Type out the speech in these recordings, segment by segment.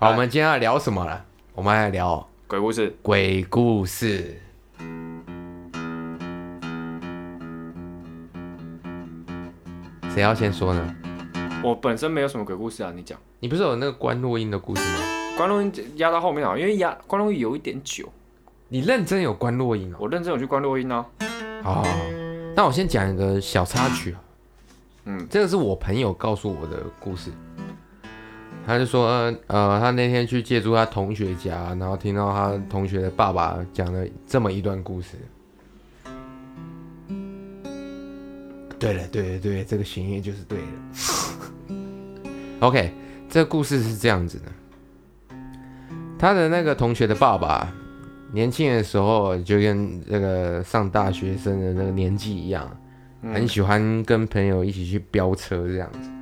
好，啊、我們今天要來聊什麼了？我們來聊鬼故事。鬼故事，誰要先說呢？我本身沒有什麼鬼故事啊，你講。你不是有那個觀落陰的故事嗎？觀落陰壓到後面啊，因為壓觀落陰有一點久。你認真有觀落陰啊？我認真，有去觀落陰啊。哦，那我先講一個小插曲啊。嗯，這個是我朋友告訴我的故事。他就說，呃，他那天去借住他同學家，然後聽到他同學的爸爸講了這麼一段故事。對了，對了對對，這個行業就是對的。 OK，這個故事是這樣子的：他的那個同學的爸爸，年輕的時候就跟那個上大學生的那個年紀一樣，很喜歡跟朋友一起去飆車這樣子。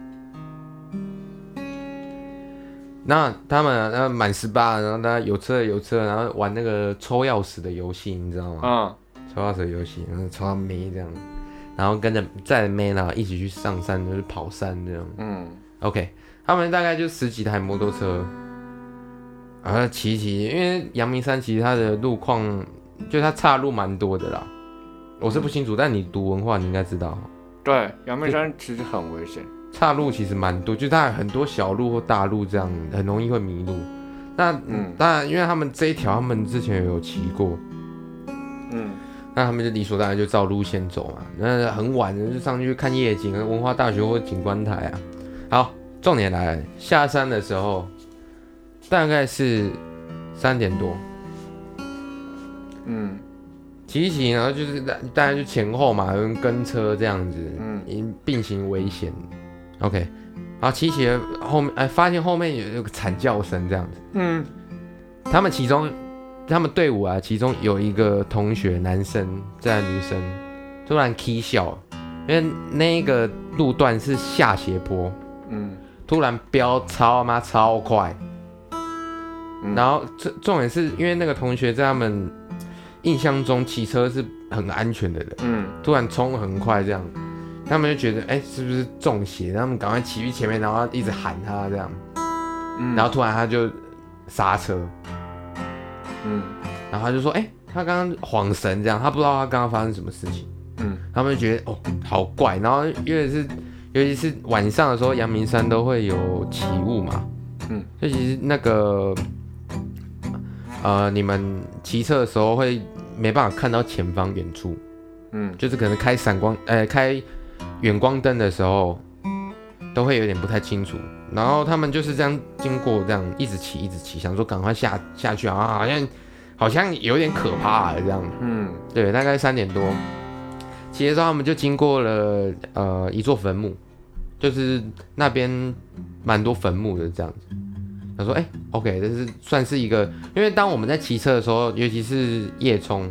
那他們，滿十八，然後他有車有車，然後玩那個抽鑰匙的遊戲，你知道嗎？嗯,嗯，抽鑰匙遊戲，然後抽到沒這樣，然後跟着載妹啦一起去上山，就是跑山這樣嗯。嗯，OK，他們大概就十幾台摩托車、嗯。啊，騎騎，因為陽明山其實它的路況就它岔路蠻多的啦，我是不清楚，嗯、但你讀文化你應該知道。對，陽明山其實很危險。岔路其實蠻多，就是它很多小路或大路，這樣很容易會迷路。那、嗯、當然，因為他們這一條他們之前有騎過，嗯，那他們就理所當然就照路線走嘛。那很晚就上去看夜景啊，文化大學或景觀台啊。好，重點來了，下山的時候大概是三點多，嗯，騎一騎然後就是大大概就前後嘛，人跟，跟車這樣子，嗯，並行危險。OK，然後騎車，後面哎，發現後面有有個慘叫聲這樣子。嗯，他們其中，他們隊伍啊，其中有一個同學男生這樣、個、女生突然 K 笑，因為那一個路段是下斜坡，嗯，突然飆超媽超快，嗯、然後這重點是因為那個同學在他們印象中騎車是很安全的人，嗯，突然衝很快這樣子。他們就覺得，哎、欸，是不是中邪？他們趕快騎去前面，然後一直喊他這樣，嗯，然後突然他就剎車，嗯，然後他就說，哎、欸，他剛剛晃神，這樣，他不知道他剛剛發生什麼事情，嗯，他們就覺得，哦、喔，好怪。然後，因為是尤其是晚上的時候，陽明山都會有起霧嘛，嗯，就其實那個，呃，你們騎車的時候會沒辦法看到前方遠處，嗯，就是可能開閃光，呃、欸，開。遠光燈的時候都會有點不太清楚，然後他們就是這樣經過，這樣一直騎一直騎，想說趕快下下去啊，好像好像有點可怕了這樣。嗯，對，大概三點多，騎的時候他們就經過了呃一座墳墓，就是那邊蠻多墳墓的這樣子。他說：“哎、欸、，OK，這是算是一個，因為當我們在騎車的時候，尤其是夜衝，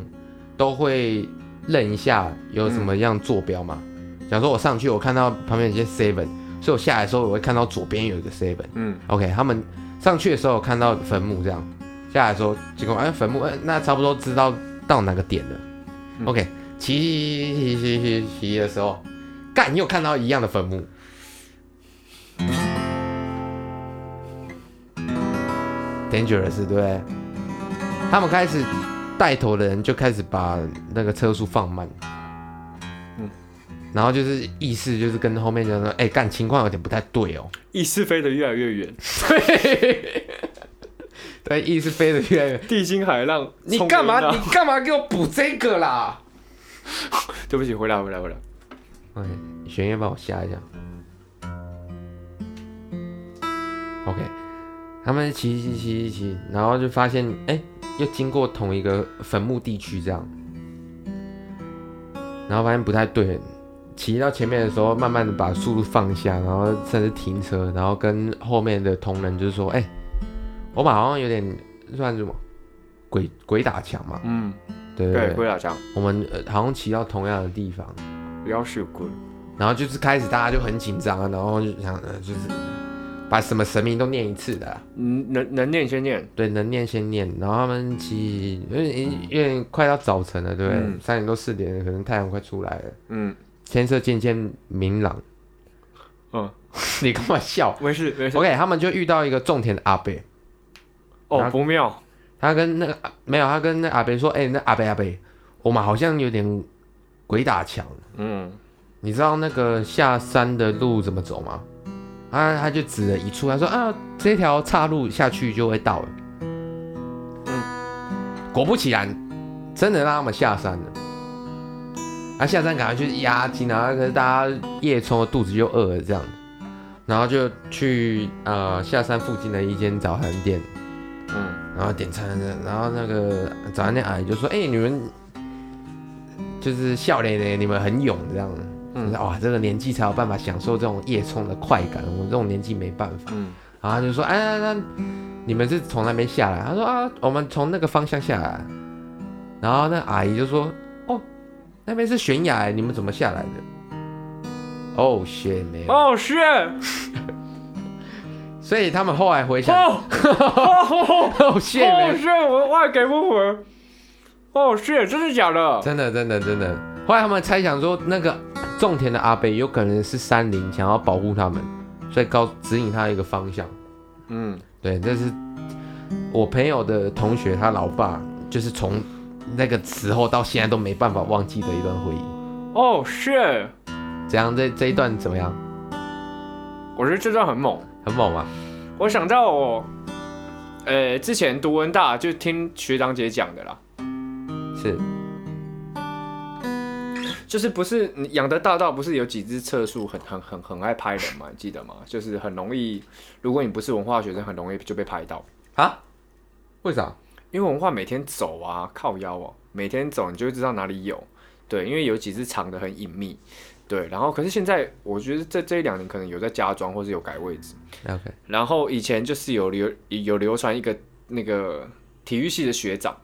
都會認一下有什麼樣坐標嘛。嗯”想說，我上去，我看到旁邊有些 seven，所以我下來的時候，我會看到左邊有一個 seven。嗯，OK，他們上去的時候，我看到墳墓這樣，下來的時候，結果哎，墳墓，那差不多知道到哪個點了。嗯、OK，騎騎騎騎的時候，幹，又看到一樣的墳墓，嗯，dangerous，對不對？他們開始帶頭的人就開始把那個車速放慢。然後就是意識，就是跟後面就說，哎、欸，看情況有點不太對哦。意識飛得越來越遠。 對，意識飛得越來越遠。地心海浪，你幹嘛？ 你幹嘛給我補這個啦？對不起，回來，回來，回來。OK，玄燁幫我下一下。OK，他們騎騎騎騎騎，然後就發現，哎、欸，又經過同一個墳墓地區這樣，然後發現不太對。騎到前面的時候，慢慢的把速度放下，然後甚至停車，然後跟後面的同仁就是說：“哎、欸，我們好像有點算什麼鬼鬼打牆嘛。”“嗯，對，對，對，對，鬼打牆。”“我們好像騎到同樣的地方，要然後就是開始大家就很緊張，然後就想，就是把什麼神明都念一次的、啊。能”“能能念先念。”“對，能念先念。”“然後他們騎，因為因為快到早晨了，對不對？三點、嗯、多四點，可能太陽快出來了。”“嗯。”天色漸漸明朗。嗯， 你幹嘛笑？沒事沒事。沒事 OK，他們就遇到一個種田的阿伯。哦，他不妙！他跟那個沒有，他跟那阿伯說：“哎、欸，那阿伯阿伯，我們好像有點鬼打牆。”嗯，你知道那個下山的路怎麼走嗎？他他就指了一處，他說：“啊，這條岔路下去就會到了。”嗯，果不其然，真的讓他們下山了。啊，下山趕快去壓驚，然後可是大家夜衝的肚子又餓了，這樣，然後就去呃下山附近的一間早餐店，嗯，然後點餐，然後那個早餐店阿姨就說：“哎、欸，你們就是笑臉咧，你們很勇這樣，嗯、就是，哇，這個年紀才有辦法享受這種夜衝的快感，我這種年紀沒辦法。嗯”然後他就說：“哎，那，那你們是從那邊下來？”他說：“啊，我們從那個方向下來。”然後那阿姨就說。那邊是懸崖，你們怎麼下來的？Oh, shit, man！Oh, shit！所以他們後來回想，Oh, shit, man，Oh, shit，我話給不回。Oh, shit，真的假的？真的，真的，真的。後來他們猜想說，那個種田的阿伯有可能是山林，想要保護他們，所以告指引他一個方向。嗯，對，這是我朋友的同學，他老爸就是從。那個時候到現在都沒辦法忘記的一段回憶哦，是，oh, sure. 怎樣？這這一段怎麼樣？我覺得這段很猛，很猛啊！我想到我，呃、欸，之前讀文大就聽學長姐講的啦，是，就是不是你仰德大道不是有幾只廁樹很很很很愛拍人嘛？你記得嗎？就是很容易，如果你不是文化學生，很容易就被拍到啊？為啥？因為文化每天走啊，靠腰哦、啊，每天走你就會知道哪裡有，對，因為有幾隻藏的很隱秘，對，然後可是現在我覺得這這一兩年可能有在加裝或是有改位置，OK，然後以前就是有流有流傳一個那個體育系的學長，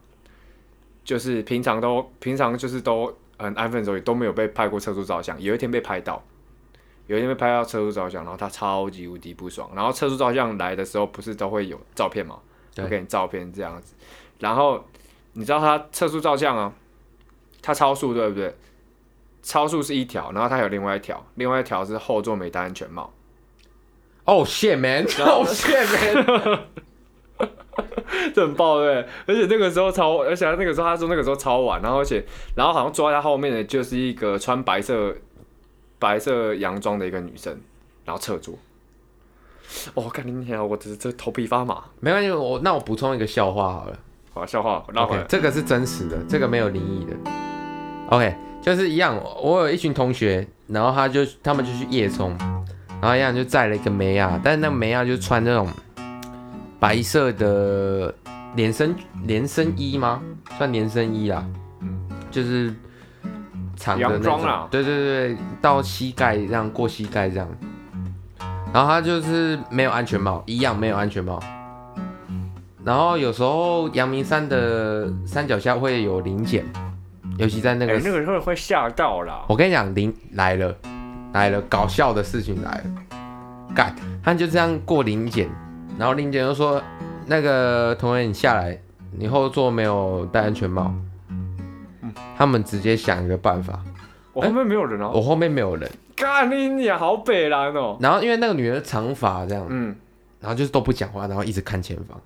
就是平常都平常就是都很安分守己都沒有被拍過測速照相，有一天被拍到，有一天被拍到測速照相，然後他超級無敵不爽，然後測速照相來的時候不是都會有照片嗎？我給對你照片這樣子，然後你知道他測速照相啊、喔,他超速對不對？超速是一條，然後他有另外一條，另外一條是後座沒戴安全帽。哦，shit man，shit man，這很爆對不對？而且那個時候超，而且那個時候他說那個時候超晚，然後而且然後好像坐在他後面的就是一個穿白色白色洋裝的一個女生，然後側坐。哦、你我感覺我這這頭皮發麻，沒關係，我那我補充一個笑話好了，好、啊、笑話。OK，這個是真實的，這個沒有靈異的。OK，就是一樣，我有一群同學，然後他就他們就去夜衝，然後一樣就載了一個梅亞，但是那個梅亞就穿那種白色的連身連身衣嗎？算連身衣啦。就是長的洋裝啊。對對對，到膝蓋這樣，過膝蓋這樣。然後他就是沒有安全帽，一樣沒有安全帽。然後有時候陽明山的山腳下會有臨檢，尤其在那個、欸、那個人會會嚇到啦。我跟你講，臨來了，來了，搞笑的事情來了。幹，他就這樣過臨檢，然後臨檢就說：“那個同學，你下來，你後座沒有戴安全帽。嗯”他們直接想一個辦法。我後面沒有人啊，欸、我後面沒有人。幹你你好北藍哦。然後因為那個女人的長髮這樣，嗯，然後就是都不講話，然後一直看前方。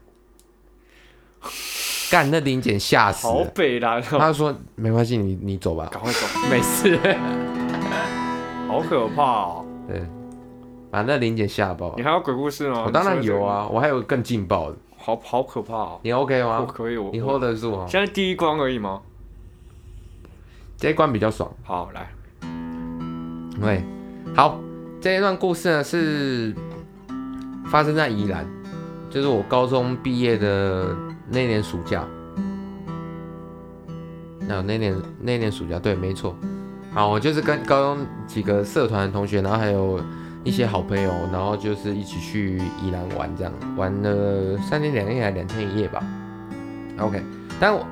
幹，那靈體嚇死，好北藍哦，他說沒關係，你你走吧，趕快走，沒事，好可怕哦，對，把那靈體嚇爆。你還有鬼故事嗎？我當然有啊，我還有更勁爆的，好好可怕哦，你 OK 嗎？我可以，我，你 hold 得住哦。現在第一關而已嗎？這一關比較爽，好來。喂，好，這一段故事呢是發生在宜蘭，就是我高中畢業的那年暑假，啊、那年那年那年暑假，對，沒錯，好，我就是跟高中幾個社團的同學，然後還有一些好朋友，然後就是一起去宜蘭玩，這樣玩了三天兩夜，兩天一夜吧。OK，但我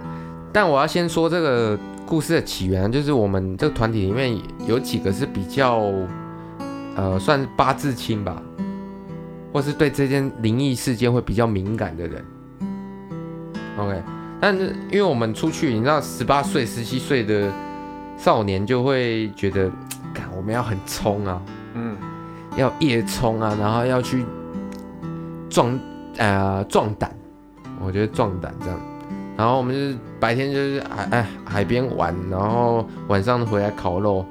但我要先說這個。故事的起源就是我們這個團體裡面有幾個是比較，呃，算是八字輕吧，或是對這件靈異事件會比較敏感的人。OK，但是因為我們出去，你知道，十八歲、十七歲的少年就會覺得，我們要很衝啊，嗯，要夜衝啊，然後要去壯，呃，壯膽，我覺得壯膽這樣，然後我們就是。白天就是海，哎，海邊玩，然後晚上回來烤肉，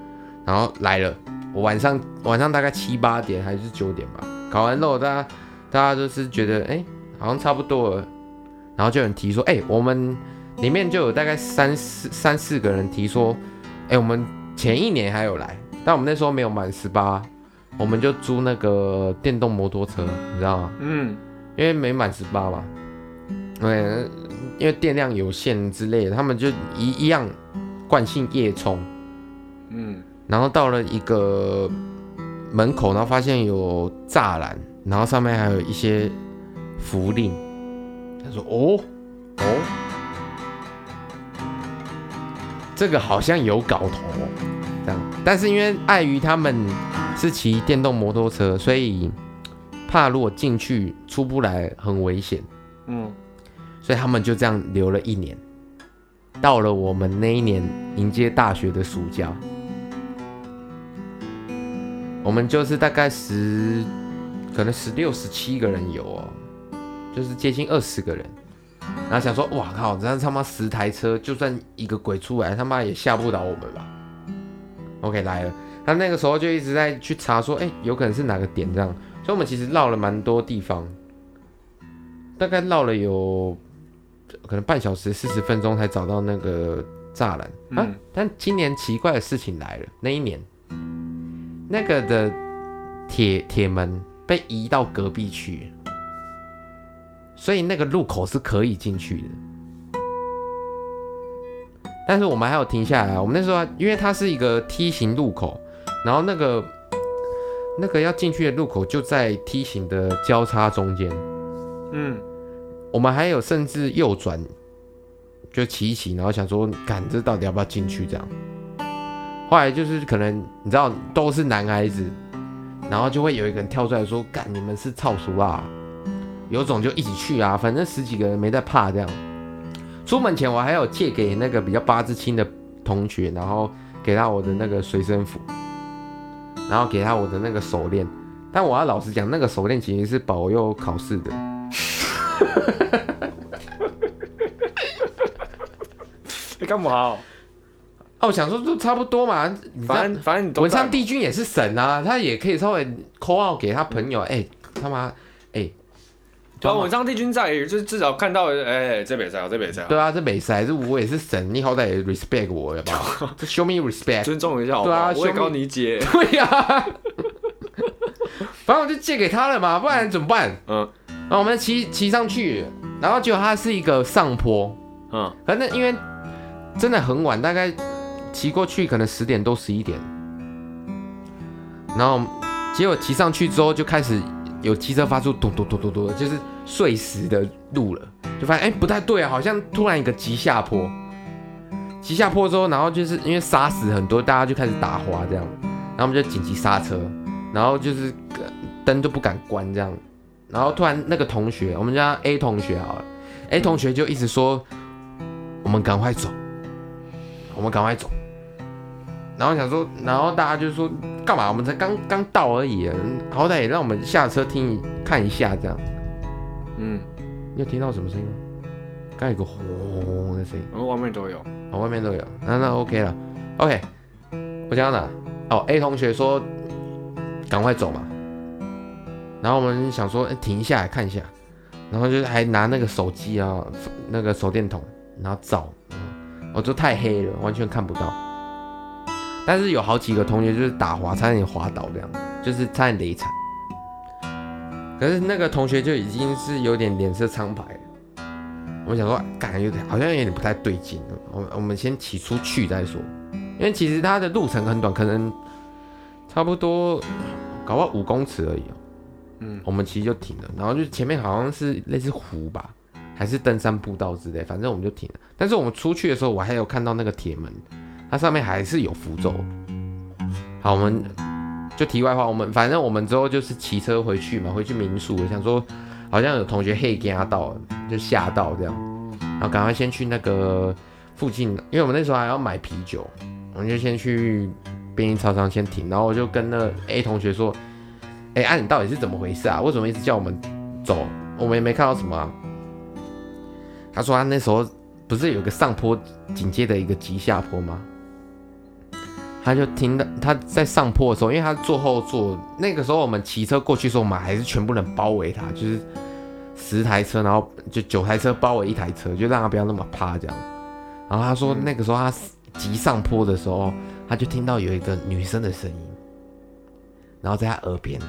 然後來了，晚上晚上大概七八點還是九點吧，烤完肉大，大家大家就是覺得，哎、欸，好像差不多了，然後就有人提說，哎、欸，我們裡面就有大概三四三四個人提說，哎、欸，我們前一年還有來，但我們那時候沒有滿十八，我們就租那個電動摩托車，你知道嗎？嗯，因為沒滿十八嘛，對、okay。因為電量有限之類的，他們就一一樣慣性夜衝，嗯，然後到了一個門口，然後發現有柵欄，然後上面還有一些符令。他說：“哦哦，這個好像有搞頭哦，這樣。但是因為礙於他們是騎電動摩托車，所以怕如果進去出不來，很危險。”嗯。所以他們就這樣留了一年，到了我們那一年迎接大學的暑假，我們就是大概十，可能十六、十七個人有哦，就是接近二十個人。然後想說，哇靠，這樣他媽十台車，就算一個鬼出來，他媽也嚇不倒我們吧？OK，來了。他那個時候就一直在去查，說，哎，有可能是哪個點這樣。所以我們其實繞了蠻多地方，大概繞了有。可能半小時四十分鐘才找到那個柵欄啊，但今年奇怪的事情來了，那一年那個的鐵鐵門被移到隔壁去，所以那個路口是可以進去的。但是我們還有停下來，我們那時候因為它是一個 T 型路口，然後那個那個要進去的路口就在 T 型的交叉中間，嗯。我們還有甚至右轉就騎一騎，然後想說，幹，這到底要不要進去？這樣。後來就是可能你知道都是男孩子，然後就會有一個人跳出來說，幹你們是超熟啦，有種就一起去啊，反正十幾個人沒在怕這樣。出門前我還有借給那個比較八字輕的同學，然後給他我的那個隨身符，然後給他我的那個手鏈，但我要老實講，那個手鏈其實是保佑考試的。你幹嘛？哦，我想說都差不多嘛。反正反正，文昌帝君也是神啊，他也可以稍微 call out 給他朋友。哎，他媽，哎，反正文昌帝君在，就是至少看到。哎，這邊在，這邊在。對啊，這邊在，我也是神，你好歹也 respect 我，好不好？Show me respect，尊重一下，對啊，我也告你姐。對啊。反正我就借給他了嘛，不然怎麼辦？嗯。然後我們騎騎上去，然後結果它是一個上坡，嗯，反正因為真的很晚，大概騎過去可能十點多十一點，然後結果騎上去之後就開始有機車發出咚咚咚咚咚，就是碎石的路了，就發現哎、欸、不太對啊，好像突然一個急下坡，急下坡之後，然後就是因為沙石很多，大家就開始打滑這樣，然後我們就緊急剎車，然後就是、呃、燈都不敢關這樣。然後突然那個同學，我們叫 A 同學好了，A 同學就一直說：“我們趕快走，我們趕快走。”然後想說，然後大家就說：“幹嘛？我們才剛剛到而已，好歹也讓我們下車聽看一下這樣。”嗯，你有聽到什麼聲音？剛有個轟轟轟的聲音，哦，外面都有，哦，外面都有，那、啊，那 OK 了，OK。我講了，哦，A 同學說：“趕快走嘛。”然後我們想說，哎，停下來看一下，然後就還拿那個手機啊，那個手電筒，然後照，我、嗯哦、就太黑了，完全看不到。但是有好幾個同學就是打滑，差點滑倒，這樣就是差點雷殘。可是那個同學就已經是有點臉色蒼白了，我們想說，感覺好像有點不太對勁，我我們先騎出去再說，因為其實他的路程很短，可能差不多搞不好五公尺而已，哦嗯，我們其實就停了，然後就前面好像是類似湖吧，還是登山步道之類，反正我們就停了。但是我們出去的時候，我還有看到那個鐵門，它上面還是有符咒。好，我們就題外話，我們反正我們之後就是騎車回去嘛，回去民宿。我想說，好像有同學黑給他到，就嚇到這樣，然後趕快先去那個附近，因為我們那時候還要買啤酒，我們就先去便利超商先停。然後我就跟那 A 同學說。哎、欸，啊你到底是怎麼回事啊？為什麼一直叫我們走？我們也沒看到什麼、啊。他說他那時候不是有一個上坡，緊接着一個急下坡嗎？他就聽到他在上坡的時候，因為他坐後座。那個時候我們騎車過去的時候，我們還是全部人包圍他，就是十台車，然後就九台車包圍一台車，就讓他不要那麼趴這樣。然後他說那個時候他急上坡的時候，他就聽到有一個女生的聲音，然後在他耳邊。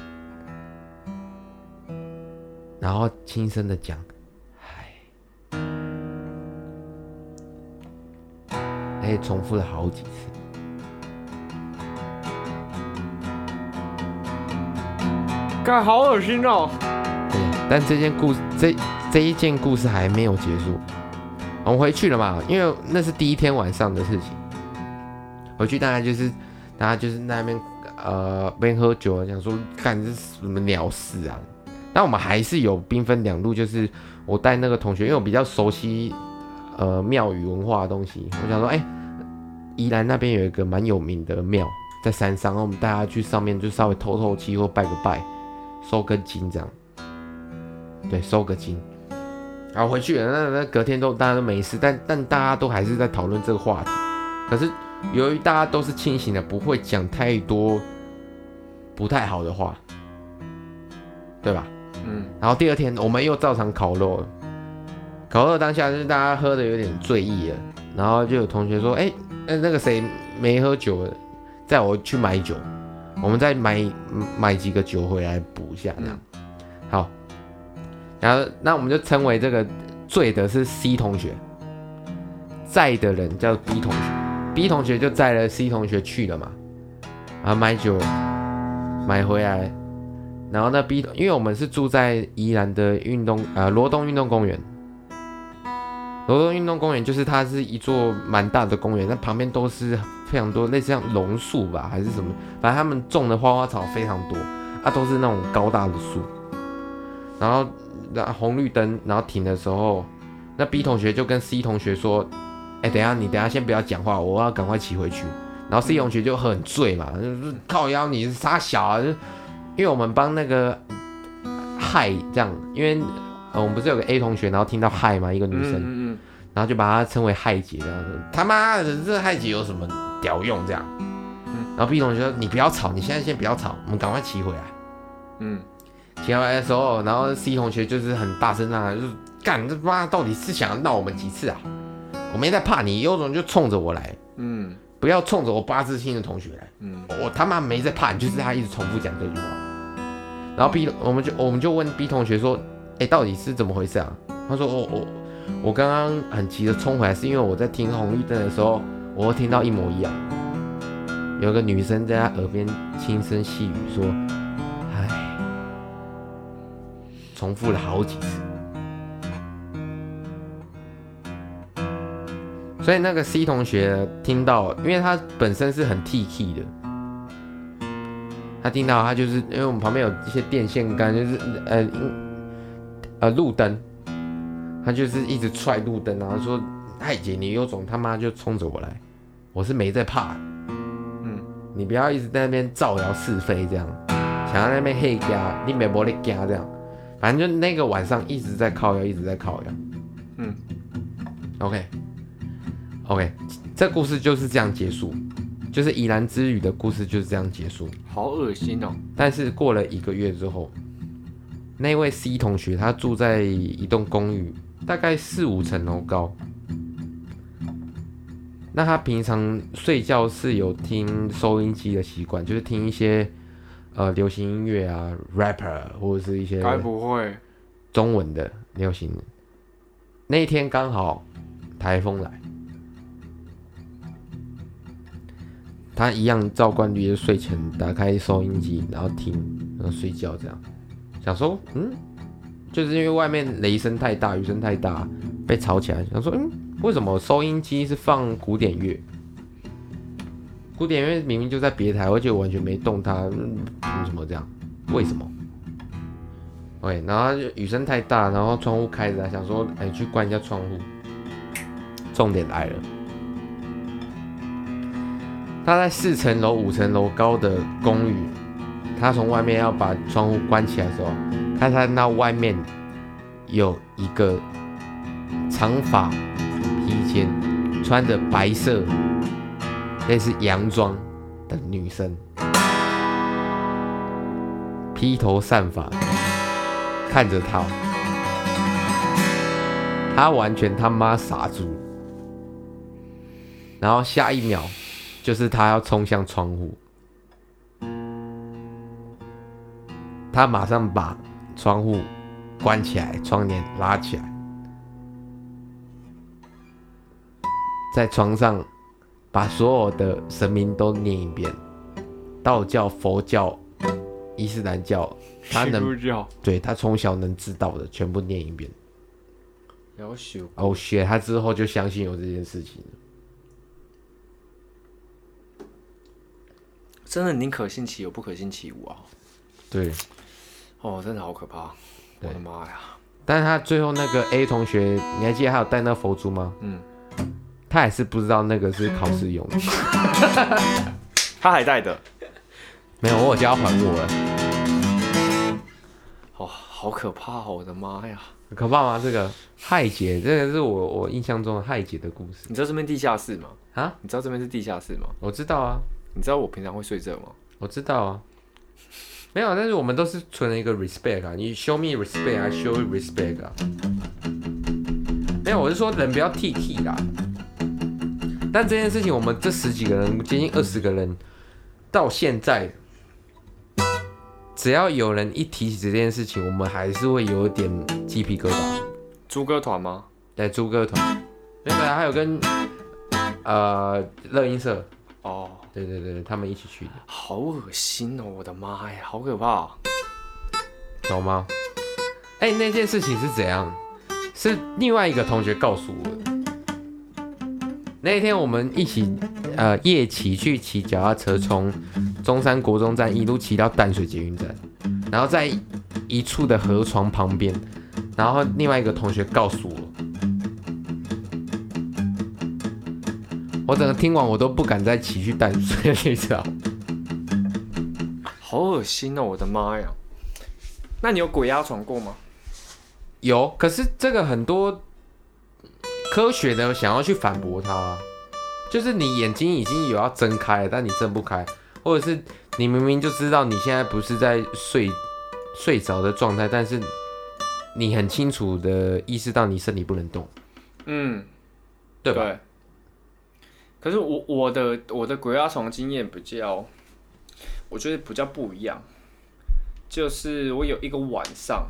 然後輕聲的講，哎，哎，重複了好幾次，幹好噁心哦！對，但這件故這這一件故事還沒有結束，我、嗯、們回去了嘛，因為那是第一天晚上的事情，回去大概就是大家就是那邊呃邊喝酒啊，想說幹這是什麼鳥事啊？那我們還是有兵分兩路，就是我帶那個同學，因為我比較熟悉，呃，廟宇文化的東西。我想說，哎、欸，宜蘭那邊有一個蠻有名的廟在山上，然後我們大家去上面就稍微透透氣或拜個拜，收個驚這樣。對，收個驚。好，回去了，那那隔天都大家都沒事，但但大家都還是在討論這個話題。可是由於大家都是清醒的，不會講太多不太好的話，對吧？嗯，然後第二天我們又照常烤肉，烤肉當下就是大家喝的有點醉意了，然後就有同學說，哎，那個誰沒喝酒了，載我去買酒，我們再買買幾個酒回來補一下，這樣好，然後那我們就稱為這個醉的是 C 同學，載的人叫 B 同學，B 同學就載了，C 同學去了嘛，然後買酒買回來。然後那 b 因為我們是住在宜蘭的運動，呃，羅東運動公園。羅東運動公園就是它是一座蠻大的公園，那旁邊都是非常多類似像榕樹吧，還是什麼，反正他們種的花花草非常多，啊，都是那種高大的樹。然後，那、啊、紅綠燈，然後停的時候，那 B 同學就跟 C 同學說：“哎、欸，等一下你等一下先不要講話，我要趕快騎回去。”然後 C 同學就很醉嘛，靠腰，你是殺小啊！因為我們幫那個嗨這樣，因為我們不是有個 A 同學，然後聽到嗨嗎，一個女生，然後就把她稱為嗨姐這樣子。他媽這嗨姐有什麼屌用這樣？然後 B 同學說，你不要吵，你現在先不要吵，我們趕快騎回來。嗯，騎回來的時候，然後 C 同學就是很大聲，上來就是幹這媽到底是想要鬧我們幾次啊？我沒在怕你，有種就衝着我來，嗯，不要衝着我八字星的同學來，嗯，我他媽沒在怕你，就是他一直重複講這句話。然後 B 我們就我們就問 B 同學說：“哎、欸，到底是怎麼回事啊？”他說：“我我我剛剛很急著衝回來，是因為我在聽紅綠燈的時候，我都聽到一模一樣，有個女生在他耳邊輕聲細語說，哎，重複了好幾次。所以那個 C 同學聽到，因為他本身是很 TK 的。”他聽到，他就是因為我們旁邊有一些電線桿，就是呃因呃路燈，他就是一直踹路燈，然後說：“太姐，你有種他媽就衝着我來，我是沒在怕的。”嗯，你不要一直在那邊造謠是非這樣，想要那邊黑家，你沒玻璃家這樣，反正就那個晚上一直在靠腰，一直在靠腰。嗯，OK，OK，okay. okay。這故事就是這樣結束。就是宜蘭之語的故事就是這樣結束，好惡心哦，喔。但是過了一個月之後，那位 C 同學他住在一棟公寓，大概四五層樓高。那他平常睡覺是有聽收音機的習慣，就是聽一些呃流行音樂啊，rapper 或者是一些還不會中文的流行。那天剛好台風來。他一樣照慣例就睡前打開收音機，然後聽，然後睡覺這樣。想說，嗯，就是因為外面雷聲太大，雨聲太大，被吵起來。想說，嗯，為什麼收音機是放古典樂？古典樂明明就在別台，而且完全沒動它，嗯嗯、什麼這樣？為什麼？喂，okay, 然後雨聲太大，然後窗戶開着，想說，哎、欸，去關一下窗戶。重點來了。他在四層樓、五層樓高的公寓，他從外面要把窗戶關起來的時候，他看到外面有一個長髮披肩、穿着白色類似洋裝的女生，披頭散髮看着他，他完全他媽傻住，然後下一秒。就是他要衝向窗戶，他馬上把窗戶關起來，窗簾拉起來，在床上把所有的神明都念一遍，道教、佛教、伊斯蘭教，他能對他從小能知道的全部念一遍，哦，學他之後就相信有這件事情。真的寧可信其有，不可信其無啊！對，哦，真的好可怕！對我的媽呀！但是他最後那個 A 同學，你還記得他有帶那佛珠嗎？嗯，他還是不知道那個是考試用具， 他還帶的，沒有，我有家還我了。哦，好可怕！我的媽呀！可怕嗎？這個害姐，這個是我我印象中的害姐的故事。你知道這邊地下室嗎？啊？你知道這邊是地下室嗎？我知道啊。你知道我平常會睡這嗎？我知道啊，沒有，但是我們都是存了一個 respect 啊，你 show me respect，I show you respect 啊。沒有，我是說人不要 T T 啦。但這件事情，我們這十幾個人，接近二十個人，到現在，只要有人一提起這件事情，我們還是會有點雞皮疙瘩。豬哥團嗎？對，豬哥團。本來還有跟呃熱音社。哦。Oh. 對對對，他們一起去的，好噁心哦！我的媽呀，好可怕哦，懂嗎？哎，那件事情是怎樣？是另外一個同學告訴我，那天我們一起呃夜騎去騎腳踏車，從中山國中站一路騎到淡水捷運站，然後在一處的河床旁邊，然後另外一個同學告訴我。我整個聽完，我都不敢再起去單睡着。 好噁心哦！我的媽呀。那你有鬼壓床過嗎？有，可是這個很多科學的想要去反駁它、啊，就是你眼睛已經有要睜開了，但你睜不開，或者是你明明就知道你現在不是在睡睡着的狀態，但是你很清楚的意識到你身體不能動，嗯，對吧？對可是我我的我的鬼壓床經驗比較，我覺得比較不一樣，就是我有一個晚上，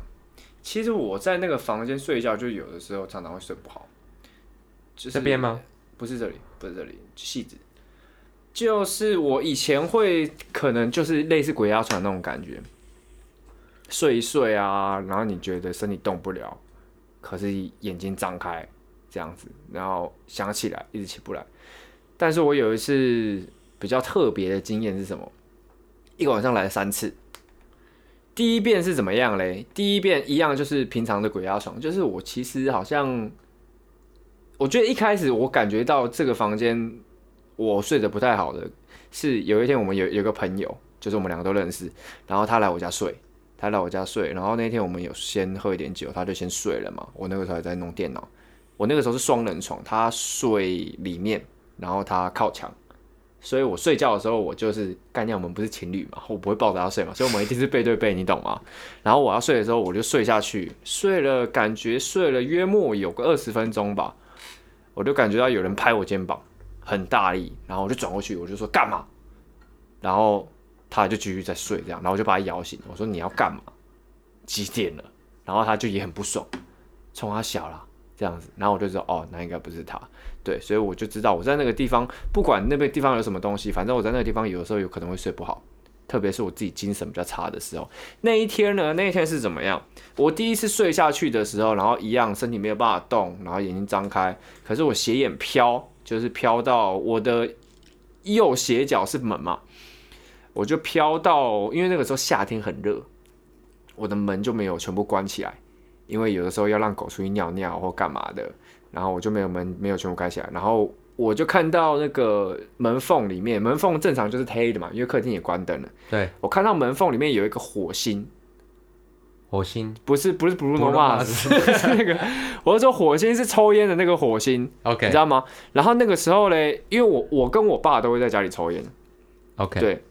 其實我在那個房間睡覺，就有的時候常常會睡不好。就是、這邊嗎？不是這裡，不是這裡，戲子。就是我以前會可能就是類似鬼壓床那種感覺，睡一睡啊，然後你覺得身體動不了，可是眼睛張開這樣子，然後想起來一直起不來。但是我有一次比較特別的經驗是什麼？一個晚上來了三次。第一遍是怎麼樣嘞？第一遍一樣，就是平常的鬼壓床。就是我其實好像，我覺得一開始我感覺到這個房間我睡得不太好的是有一天我們有有一個朋友，就是我們兩個都認識，然後他來我家睡，他來我家睡。然後那天我們有先喝一點酒，他就先睡了嘛。我那個時候還在弄電腦，我那個時候是雙人床，他睡裡面。然後他靠牆，所以我睡覺的時候，我就是概念我們不是情侶嘛，我不會抱着他睡嘛，所以我們一定是背對背，你懂嗎？然後我要睡的時候，我就睡下去，睡了感覺睡了約莫有個二十分鐘吧，我就感覺到有人拍我肩膀，很大力，然後我就轉過去，我就說，幹嘛？然後他就繼續在睡這樣，然後我就把他搖醒，我說你要幹嘛？幾點了？然後他就也很不爽，衝他小了這樣子，然後我就說哦，那應該不是他。對，所以我就知道，我在那個地方，不管那邊地方有什麼東西，反正我在那個地方，有時候有可能會睡不好，特別是我自己精神比較差的時候。那一天呢，那一天是怎麼樣？我第一次睡下去的時候，然後一樣身體沒有辦法動，然後眼睛張開，可是我斜眼飄，就是飄到我的右斜角是門嘛，我就飄到，因為那個時候夏天很熱，我的門就沒有全部關起來，因為有的時候要讓狗出去尿尿或幹嘛的。然後我就沒有門沒有全部開起來，然後我就看到那個門縫裡面，門縫正常就是黑的嘛，因為客廳也關燈了。對，我看到門縫裡面有一個火星，火星不是不是，是不是 Bruno Mars， 那個我是說火星是抽煙的那個火星，OK，你知道嗎？然後那個時候嘞，因為我我跟我爸都會在家裡抽煙，OK，對，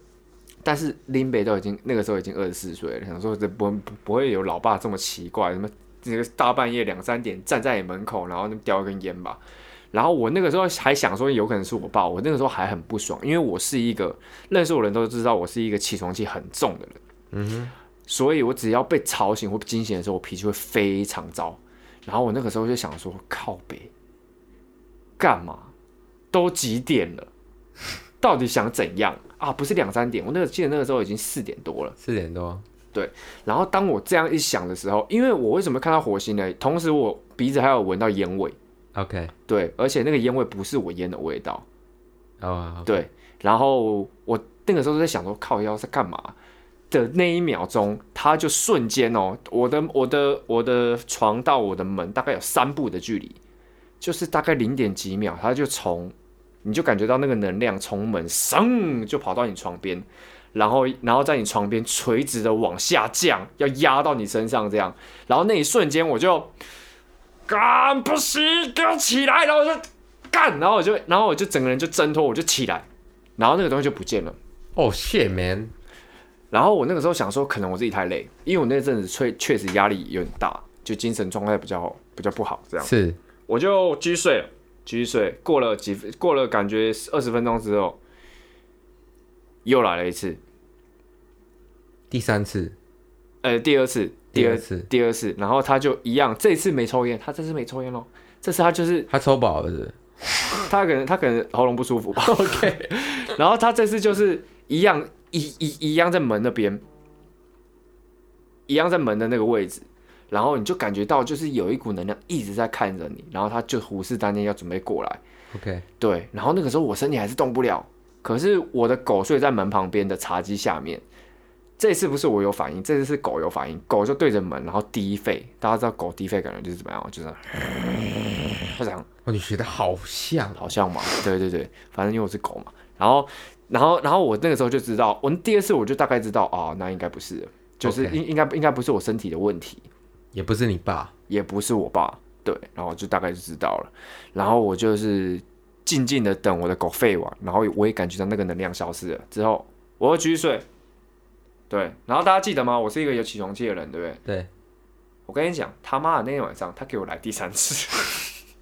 但是林北都已經那個時候已經二十四歲了，想說這不不不會有老爸這麼奇怪什麼。那個大半夜兩三點站在你門口，然後那叼一根煙吧，然後我那個時候還想說有可能是我爸，我那個時候還很不爽，因為我是一個認識我人都知道我是一個起床氣很重的人，嗯哼，所以我只要被吵醒或驚醒的時候，我脾氣會非常糟。然後我那個時候就想說靠北，幹嘛？都幾點了？ 到底想怎樣啊？不是兩三點，我那個記得那個時候已經四點多了，四點多。對，然後當我這樣一想的時候，因為我為什麼看到火星呢？同時我鼻子還有聞到煙味，OK，對，而且那個煙味不是我菸的味道，oh, okay. 對，然後我那個時候在想說靠腰，要是在幹嘛的那一秒鐘，他就瞬間哦，我的我的我的床到我的門大概有三步的距離，就是大概零點幾秒，他就從你就感覺到那個能量從門嗖就跑到你床邊。然後，然後在你床邊垂直的往下降，要壓到你身上這樣。然後那一瞬間我就幹不行，給我起來！然後我就幹，然後我就，然後我就整個人就掙脫，我就起來。然後那個東西就不見了。哦，謝眠。然後我那個時候想說，可能我自己太累，因為我那陣子確確實壓力有點大，就精神狀態比較比較不好這樣。是，我就繼續睡了，繼續睡。過了幾分，過了感覺二十分鐘之後，又來了一次。第三次，呃，第二次，第二，第二次，第二次，然後他就一樣，這次沒抽菸，他這次沒抽菸咯，這次他就是他抽飽了，是不是？他可能他可能喉嚨不舒服吧。 OK，然後他這次就是一樣，一一一,一樣在門那邊，一樣在門的那個位置，然後你就感覺到就是有一股能量一直在看着你，然後他就虎視眈眈要準備過來。OK，對，然後那個時候我身體還是動不了，可是我的狗睡在門旁邊的茶几下面。這次不是我有反應，這次是狗有反應。狗就對着門，然後低吠。大家知道狗低吠感覺就是怎麼樣？就是，就這樣哦，你學的好像，好像嘛。對對對，反正因為我是狗嘛。然後，然後，然後我那個時候就知道，我第二次我就大概知道啊，哦，那應該不是，就是應 Okay. 應該應該不是我身體的問題，也不是你爸，也不是我爸。對，然後就大概就知道了。然後我就是靜靜的等我的狗吠完，然後我也感覺到那個能量消失了之後，我又繼續睡。對，然後大家記得嗎？我是一個有起床氣的人，對不對？對，我跟你講，他媽的那天晚上，他給我來第三次，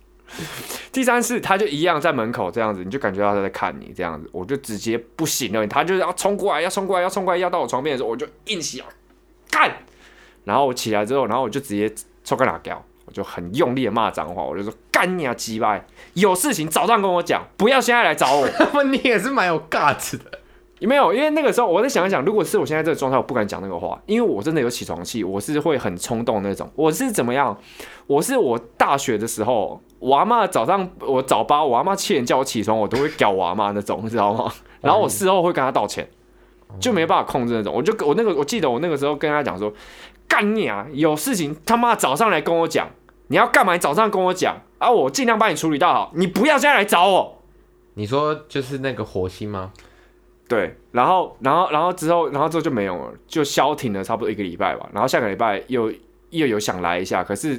第三次他就一樣在門口這樣子，你就感覺到他在看你這樣子，我就直接不行了，他就是要衝過來，要衝過來，要衝過來，要到我床邊的時候，我就硬起啊幹，然後我起來之後，然後我就直接抽個哪掉，我就很用力的罵髒話，我就說幹你啊，雞巴，有事情早上跟我講，不要現在來找我。 你也是蠻有 g 子的。沒有，因為那個時候我在想一想，如果是我現在這個狀態，我不敢講那個話，因為我真的有起床氣，我是會很衝動的那種。我是怎麼樣？我是我大學的時候，我阿媽早上我早八，我阿媽七點叫我起床，我都會屌我阿媽那種，你 知道嗎？然後我事後會跟她道歉，哦嗯、就沒辦法控制那種。我就我那個，我記得我那個時候跟她講說，幹你啊！有事情他媽早上來跟我講，你要幹嘛？你早上跟我講，啊，我盡量幫你處理到好，你不要再來找我。你說就是那個火星嗎？對，然後，然後，然後之後，然後之後就沒有了，就消停了差不多一個禮拜吧。然後下個禮拜又又有想來一下，可是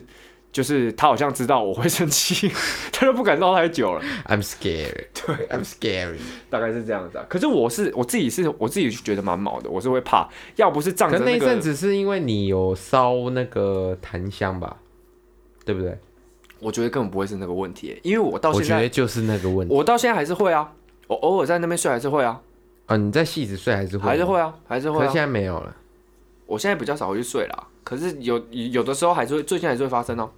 就是他好像知道我會生氣，他又不敢鬧太久了。I'm scared 對。對，I'm scared。大概是這樣子啊，可是我是我自己是，是我自己就覺得蠻毛的，我是會怕。要不是仗爭、那個，那那陣子是因為你有燒那個檀香吧？對不對？我覺得根本不會是那個問題，因為我到現在我覺得就是那個問題。我到現在還是會啊，我偶爾在那邊睡還是會啊。嗯、哦，你在戲子睡還是會，還是會啊，還是會、啊。可是現在沒有了。我現在比較少回去睡了，可是有有的時候還是會，最近還是會發生哦。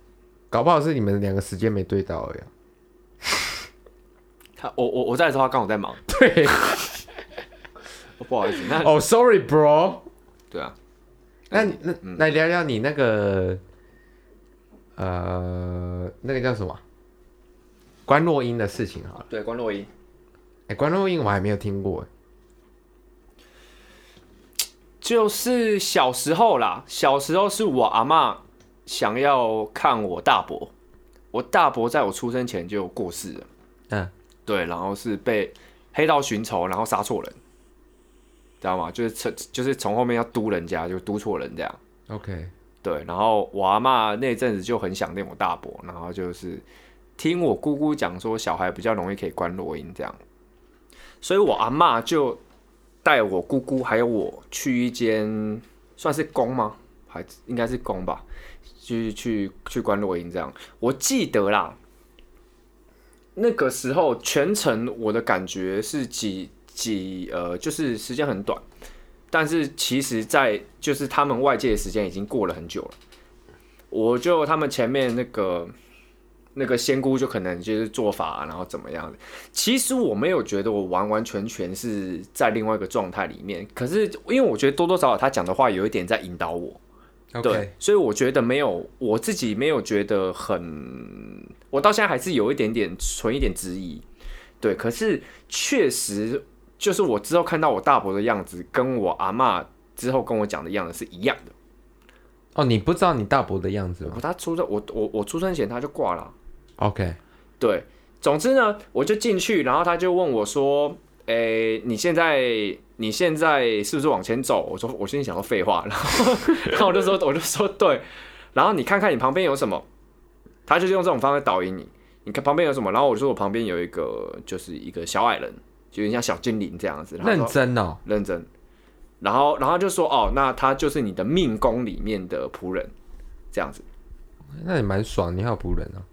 搞不好是你們兩個時間沒對到呀、啊。他我我我在的時候他剛好在忙。對、 哦。不好意思，那哦，sorry，bro。Oh, sorry, bro 對啊。那那，那、嗯、來聊聊你那個呃，那個叫什麼觀落陰的事情好了。對，觀落陰。哎，觀落陰，我還沒有聽過。就是小時候啦，小時候是我阿媽想要看我大伯，我大伯在我出生前就過世了，嗯，對，然後是被黑道尋仇，然後殺錯人，知道嗎？就是從就是從後面要督人家就督錯人這樣，OK，對，然後我阿媽那陣子就很想念我大伯，然後就是聽我姑姑講說小孩比較容易可以觀落陰這樣，所以我阿媽就。帶我姑姑還有我去一間算是宮嗎？還應該是宮吧，去去去觀落陰這樣。我記得啦，那個時候全程我的感覺是幾幾呃，就是時間很短，但是其實，在就是他們外界的時間已經過了很久了。我就他們前面那個。那個仙姑就可能就是做法、啊，然後怎麼樣的。其實我沒有覺得我完完全全是在另外一個狀態裡面，可是因為我覺得多多少少他講的話有一點在引導我，Okay. 對，所以我覺得沒有我自己沒有覺得很，我到現在還是有一點點存一點質疑，對。可是確實就是我之後看到我大伯的樣子，跟我阿嬤之後跟我講的樣子是一樣的。哦，你不知道你大伯的樣子嗎？他出生，我我我出生前他就掛了、啊。OK，對，總之呢，我就進去，然後他就問我說：“誒、欸，你現在你現在是不是往前走？”我說：“我現在想說廢話。”然後 然後我就說：“我就說對。”然後你看看你旁邊有什麼？他就用這種方式導引你。你看旁邊有什麼？然後我就說我旁邊有一個，就是一個小矮人，有點像小精靈這樣子。然後認真哦，認真。然後然後就說：“哦，那他就是你的命宮裡面的僕人，這樣子。”那也蠻爽，你還有僕人啊、哦。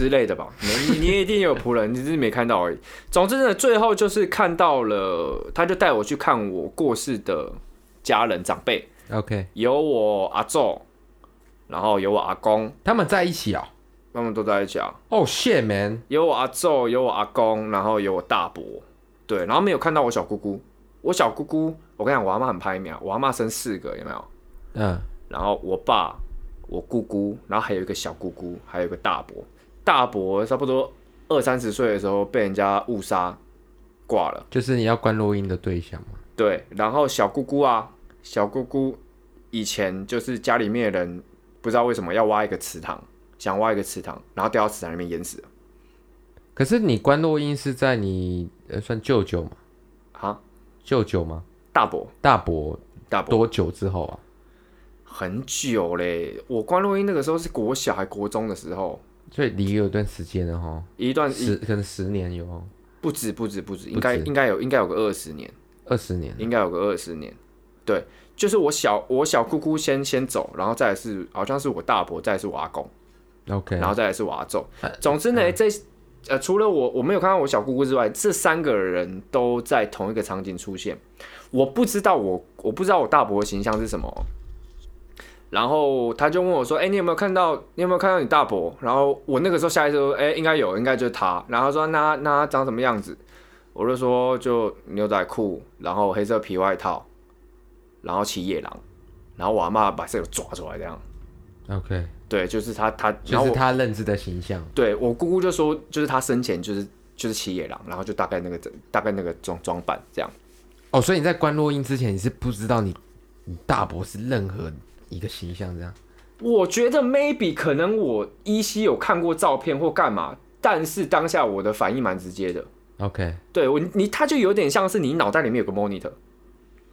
之類的吧，你你也一定也有僕人， 你只是沒看到而已。總之呢，最後就是看到了，他就帶我去看我過世的家人長輩。OK，有我阿祖，然後有我阿公，他們在一起啊、喔，他們都在一起啊、喔。哦，shit, man，有我阿祖，有我阿公，然後有我大伯，對，然後沒有看到我小姑姑。我小姑姑，我跟你講，我阿媽很拍名啊，我阿媽生四個，有沒有？嗯，uh. 然後我爸，我姑姑，然後還有一個小姑姑，還有一個大伯。大伯差不多二三十歲的時候被人家誤殺掛了，就是你要關錄音的對象嘛。對，然後小姑姑啊，小姑姑以前就是家裡面的人不知道為什麼要挖一個池塘，想挖一個池塘，然後掉到池塘裡面淹死了。可是你關錄音是在你、呃、算舅舅嗎？啊蛤，舅舅嗎？大伯，大伯，大伯多久之後啊？很久嘞，我關錄音那個時候是國小還國中的時候。所以離有段時間了哈，一段時一段，可能十年有，不止不止不止，不止應該應該有應該有個二十年，二十年應該有個二十年。對，就是我小我小姑姑先先走，然後再是好像是我大伯，再是我阿公，OK，然後再是我阿重。啊，總之呢，這呃除了我我沒有看到我小姑姑之外，這三個人都在同一個場景出現。我不知道我我不知道我大伯的形象是什麼。然後他就問我說：“哎、欸，你有沒有看到？你有沒有看到你大伯？”然後我那個時候下意識說：“哎、欸，應該有，應該就是他。”然後他說：“那那他長什麼樣子？”我就說：“就牛仔褲，然後黑色皮外套，然後騎野狼，然後我阿嬤把這個抓出來這樣。”OK，對，就是他，他，就是他認知的形象。我對我姑姑就說：“就是他生前就是就是騎野狼，然後就大概那個大概那個裝裝扮這樣。”哦，所以你在觀落陰之前你是不知道你你大伯是任何，一個形象這樣，我覺得 maybe 可能我依稀有看過照片或幹嘛，但是當下我的反應蠻直接的。OK，對我你，他就有點像是你腦袋裡面有個 monitor，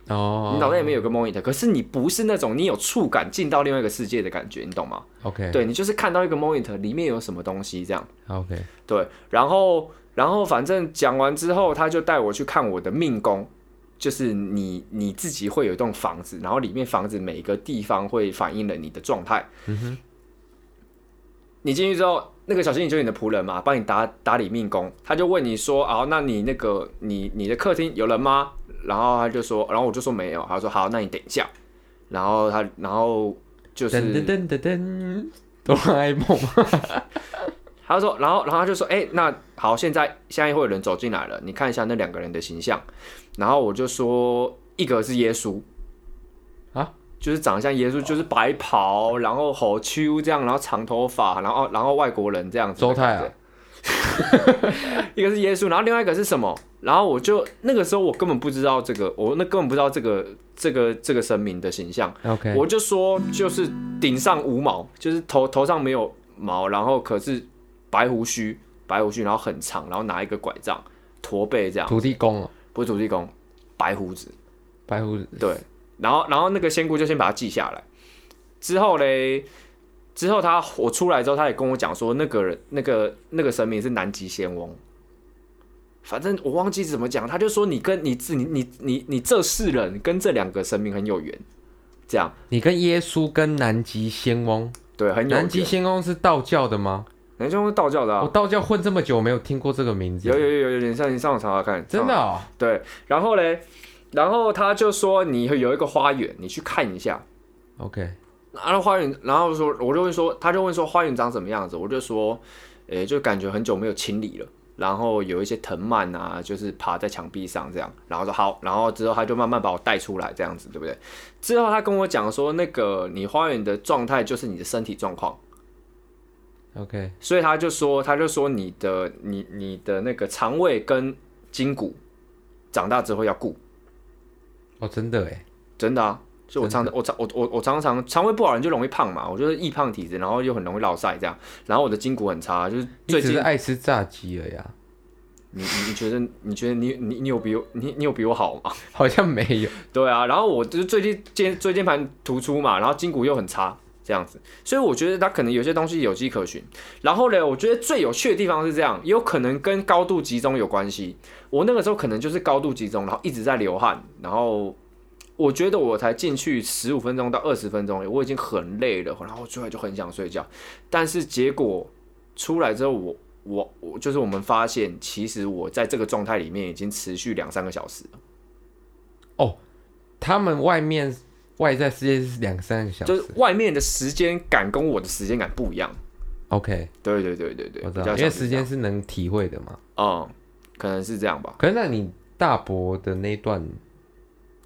哦，oh, 你腦袋裡面有個 monitor，OK，可是你不是那種你有觸感進到另外一個世界的感覺，你懂嗎？OK，對你就是看到一個 monitor 裡面有什麼東西這樣。OK，對，然後然後反正講完之後，他就帶我去看我的命宮。就是你你自己會有一棟房子，然後裡面房子每一個地方會反映了你的狀態。嗯、哼你進去之後，那個小精靈就是你的僕人嘛，幫你打打理命宮。他就問你說：“哦，那你那個你你的客廳有人嗎？”然後他就說：“然後我就說沒有。”他說：“好，那你等一下。”然後他然後就是噔噔噔噔哆啦 A 夢。 他說：“然後然後他就說：‘哎、欸，那好，現在現在會有人走進來了，你看一下那兩個人的形象。’”然後我就說，一個是耶穌啊，就是長相耶穌，就是白袍，然後好 Q 這樣，然後長頭髮，然後然後外國人這樣子的。周泰、啊、 一個是耶穌，然後另外一個是什麼？然後我就那個時候我根本不知道這個，我那根本不知道這個這個這個神明的形象。OK，我就說就是頂上無毛，就是頭頭上沒有毛，然後可是白胡鬚，白胡鬚然後很長，然後拿一個拐杖，駝背這樣。土地公、啊不是土地公，白鬍子，白鬍子對，然後然後那個仙姑就先把它記下來，之後嘞，之後他我出來之後，他也跟我講說，那個，那個人那個那個神明是南極仙翁，反正我忘記怎麼講，他就說你跟你自你你你你這世人跟這兩個神明很有緣，這樣，你跟耶穌跟南極仙翁對，很有緣。南極仙翁是道教的嗎？男生是道教的、啊，我、哦、道教混這麼久沒有聽過這個名字。有有有，有點像，你上網查查看。真的、哦？對。然後嘞，然後他就說你有一個花園，你去看一下。OK 然。然後花園，然後說我就問說，我就說，他就問說花園長什麼樣子，我就說，誒、欸，就感覺很久沒有清理了，然後有一些藤蔓啊，就是爬在牆壁上這樣。然後說好，然後之後他就慢慢把我帶出來，這樣子對不對？之後他跟我講說，那個你花園的狀態就是你的身體狀況。OK，所以他就說，他就說你的你你的那個腸胃跟筋骨，長大之後要顧。哦，oh, 真的誒，真的啊！就我常常的我常我我我常常腸胃不好，人就容易胖嘛。我就是易胖體質，然後又很容易落曬這樣。然後我的筋骨很差，就是最近是愛吃炸雞了呀。你覺你覺得你覺得你你你有比我你你有比我好嗎？好像沒有。 對啊，然後我就是最近肩椎間盤突出嘛，然後筋骨又很差。這樣子，所以我覺得它可能有些東西有跡可循。然後呢，我覺得最有趣的地方是這樣，也有可能跟高度集中有關係。我那個時候可能就是高度集中，然後一直在流汗，然後我覺得我才進去十五分鐘到二十分鐘，我已經很累了，然後出來就很想睡覺。但是結果出來之後我，我我我就是我們發現，其實我在這個狀態裡面已經持續兩三個小時了。哦，他們外面。外在時間是兩三個小時，就是外面的時間感跟我的時間感不一樣。OK，對對對對對，我知道，因為時間是能體會的嘛。嗯，可能是這樣吧。可是那你大伯的那一段，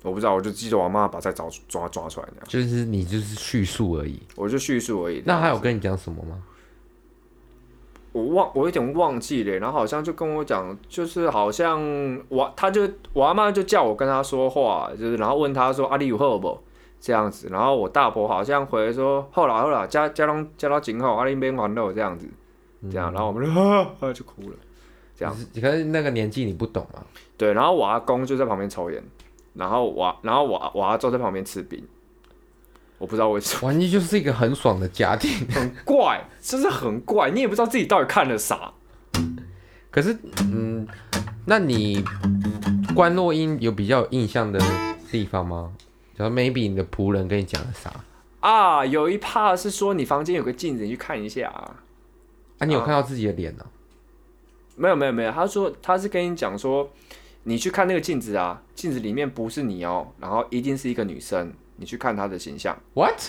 我不知道，我就記得我阿嬤把菜抓抓抓出來的就是你就是敘述而已，我就敘述而已。那他有跟你講什麼嗎？我忘，我有點忘記了。然後好像就跟我講，就是好像我，他就我阿嬤就叫我跟他說話，就是然後問他說：“阿、啊、裡有喝不？”這樣子，然後我大伯好像回來說，後來後來加加到加到井口阿玲邊環路這樣子，這樣，嗯、然後我們就哈哈、啊啊、就哭了。這樣，你看那個年紀你不懂啊。對，然後我阿公就在旁邊抽煙，然後我然後我我阿叔在旁邊吃餅，我不知道為什麼。完全就是一個很爽的家庭，很怪，真、就是很怪，你也不知道自己到底看了啥。可是，嗯，那你觀落陰有比較有印象的地方嗎？然後 maybe 你的僕人跟你講的啥啊？有一趴是說，你房間有個鏡子，你去看一下啊。啊，你有看到自己的臉呢、喔啊？沒有沒有沒有。他說他是跟你講說，你去看那個鏡子啊，鏡子裡面不是你哦、喔，然後一定是一個女生，你去看她的形象。What？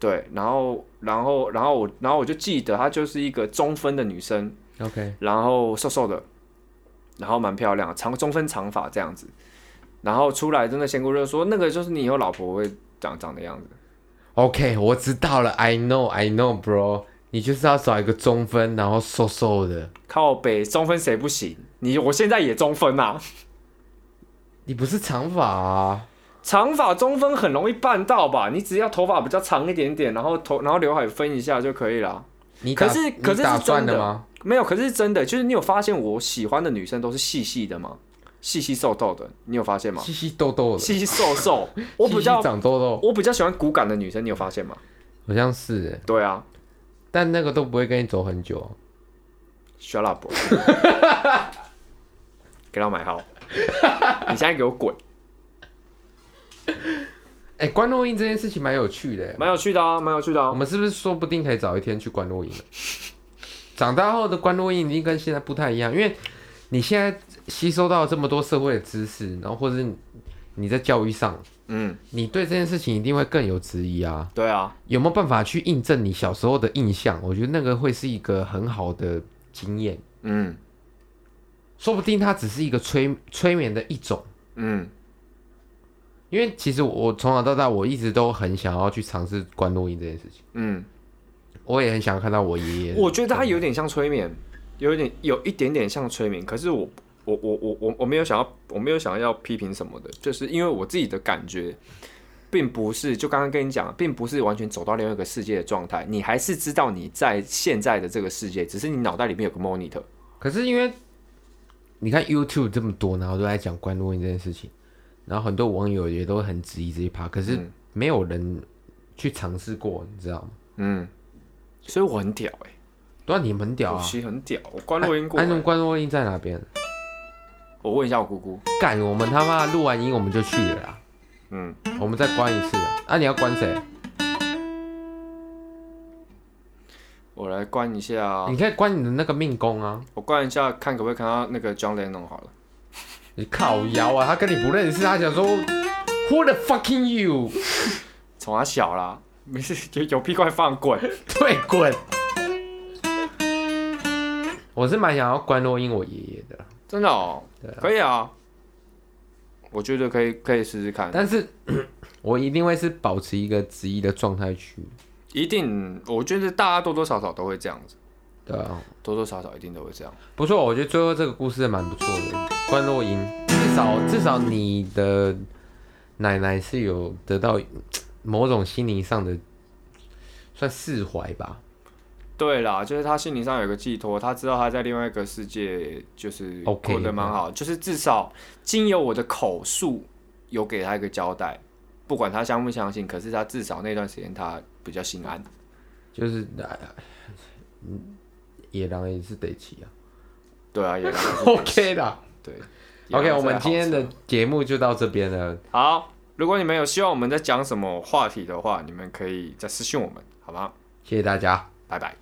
對，然後然後然後我然後我就記得她就是一個中分的女生。OK。然後瘦瘦的，然後蠻漂亮，長中分長髮這樣子。然後出來真的先過熱說那個就是你以後老婆會長長的樣子。OK，我知道了，I know I know bro，你就是要找一個中分，然後瘦瘦的，靠北中分誰不行？你我現在也中分吶、啊，你不是長髮啊？長髮中分很容易辦到吧？你只要頭髮比較長一點點，然後頭然後劉海分一下就可以了。你打可是可是,是真的？你嗎沒有，可是,是真的就是你有發現我喜歡的女生都是細細的嗎？細細瘦瘦的，你有發現嗎？細細瘦瘦的，細細瘦瘦。我比較 細細長痘痘，我比較喜歡骨感的女生。你有發現嗎？好像是耶。對啊，但那個都不會跟你走很久。Shut up！ 給他買好。 你現在給我滾！哎、欸，觀落陰這件事情蠻有趣的耶，蠻有趣的啊，蠻有趣的啊。我們是不是說不定可以找一天去觀落陰？ 長大後的觀落陰一定跟現在不太一樣，因為你現在。吸收到這麼多社會的知識，然後或者你在教育上，嗯，你對這件事情一定會更有質疑啊。對啊，有沒有辦法去印證你小時候的印象？我覺得那個會是一個很好的經驗。嗯，說不定它只是一個催催眠的一種。嗯，因為其實我從小到大，我一直都很想要去嘗試關落陰這件事情。嗯，我也很想看到我爺爺。我覺得他有點像催眠，有一點有一點點像催眠，可是我。我我我我我沒有想要，我沒有想要批評什麼的，就是因為我自己的感覺，並不是就剛剛跟你講，並不是完全走到另外一個世界的狀態，你還是知道你在現在的這個世界，只是你腦袋裡面有個 monitor。可是因為你看 YouTube 這麼多，然後都在講觀落陰這件事情，然後很多網友也都很質疑這一趴，可是沒有人去嘗試過，嗯、你知道嗎？嗯，所以我很屌哎、欸，那、啊、你們屌啊？其實很屌，我觀落陰過。那、啊啊、觀落陰在哪邊？我問一下我姑姑，幹，我們他媽錄完音我們就去了啊。嗯，我們再關一次。啊，你要關誰？我來關一下啊。你可以關你的那個命宮啊。我關一下，看可不可以看到那個 John Lennon 弄好了。你靠妖啊！他跟你不認識，他想說 Who the fuck are you？從他小啦，沒事，有有屁快放滾，對滾。我是蠻想要關錄音我爺爺的。真的哦，對啊，可以啊，我覺得可以，可以試試看。但是，我一定會是保持一個質疑的狀態去，一定，我覺得大家多多少少都會這樣子，對啊，多多少少一定都會這樣。不錯，我覺得最後這個故事蠻不錯的。觀落陰，至少至少你的奶奶是有得到某種心靈上的，算釋懷吧。對啦，就是他心理上有個寄托，他知道他在另外一個世界就是過得蠻好，okay, yeah. 就是至少經由我的口述有給他一個交代，不管他相不相信，可是他至少那段時間他比較心安。就是、呃、野狼也是得騎啊，對啊，野狼 OK 的。對，OK，我們今天的節目就到這邊了。好，如果你們有希望我們在講什麼話題的話，你們可以再私信我們，好嗎？謝謝大家，拜拜。